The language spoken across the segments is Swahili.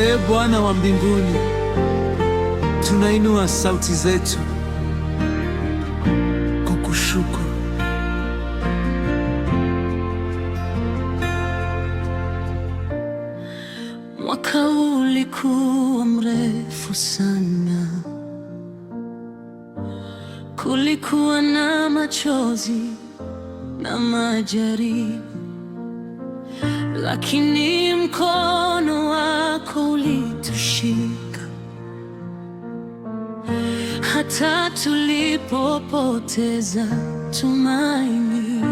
Ee Bwana wa mbinguni, tunainua sauti zetu kukushukuru. Mwaka ulikuwa mrefu sana, kulikuwa na machozi na majaribu, lakini mkono wa lako ulitushika hata tulipopoteza tumaini.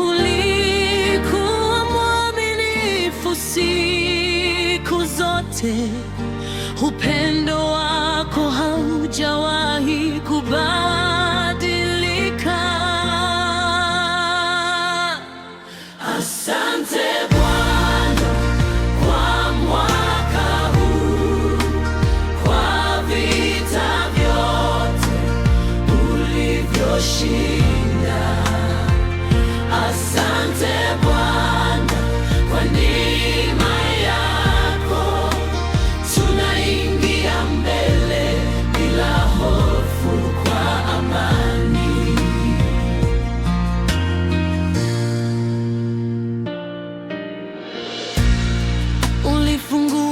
Ulikuwa mwaminifu siku zote, upendo wako haujawahi kubadilika. Asante. kushinda. Asante Bwana kwa yako, tunaingia mbele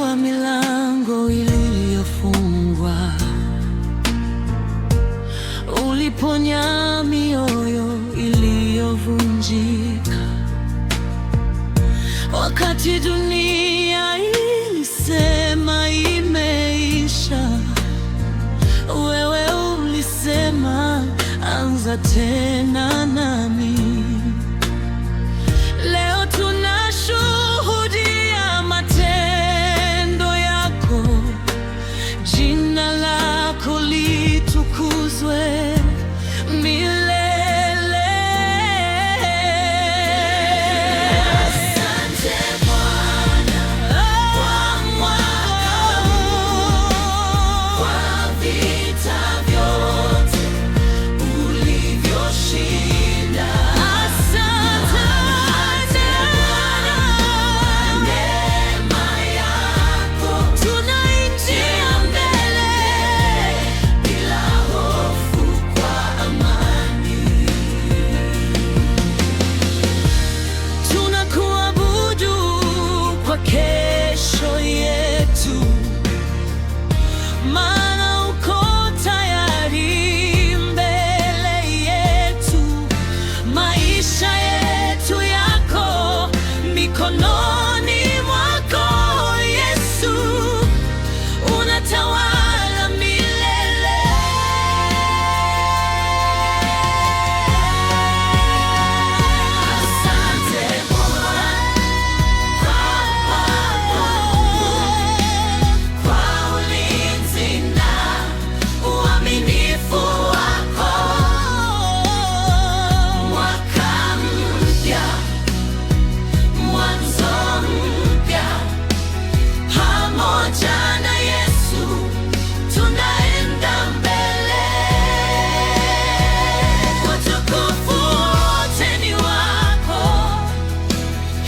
kwa milango iliyofungwa, Wakati dunia ilisema imeisha, wewe ulisema anza tena.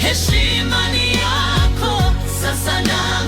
heshima ni yako sasa na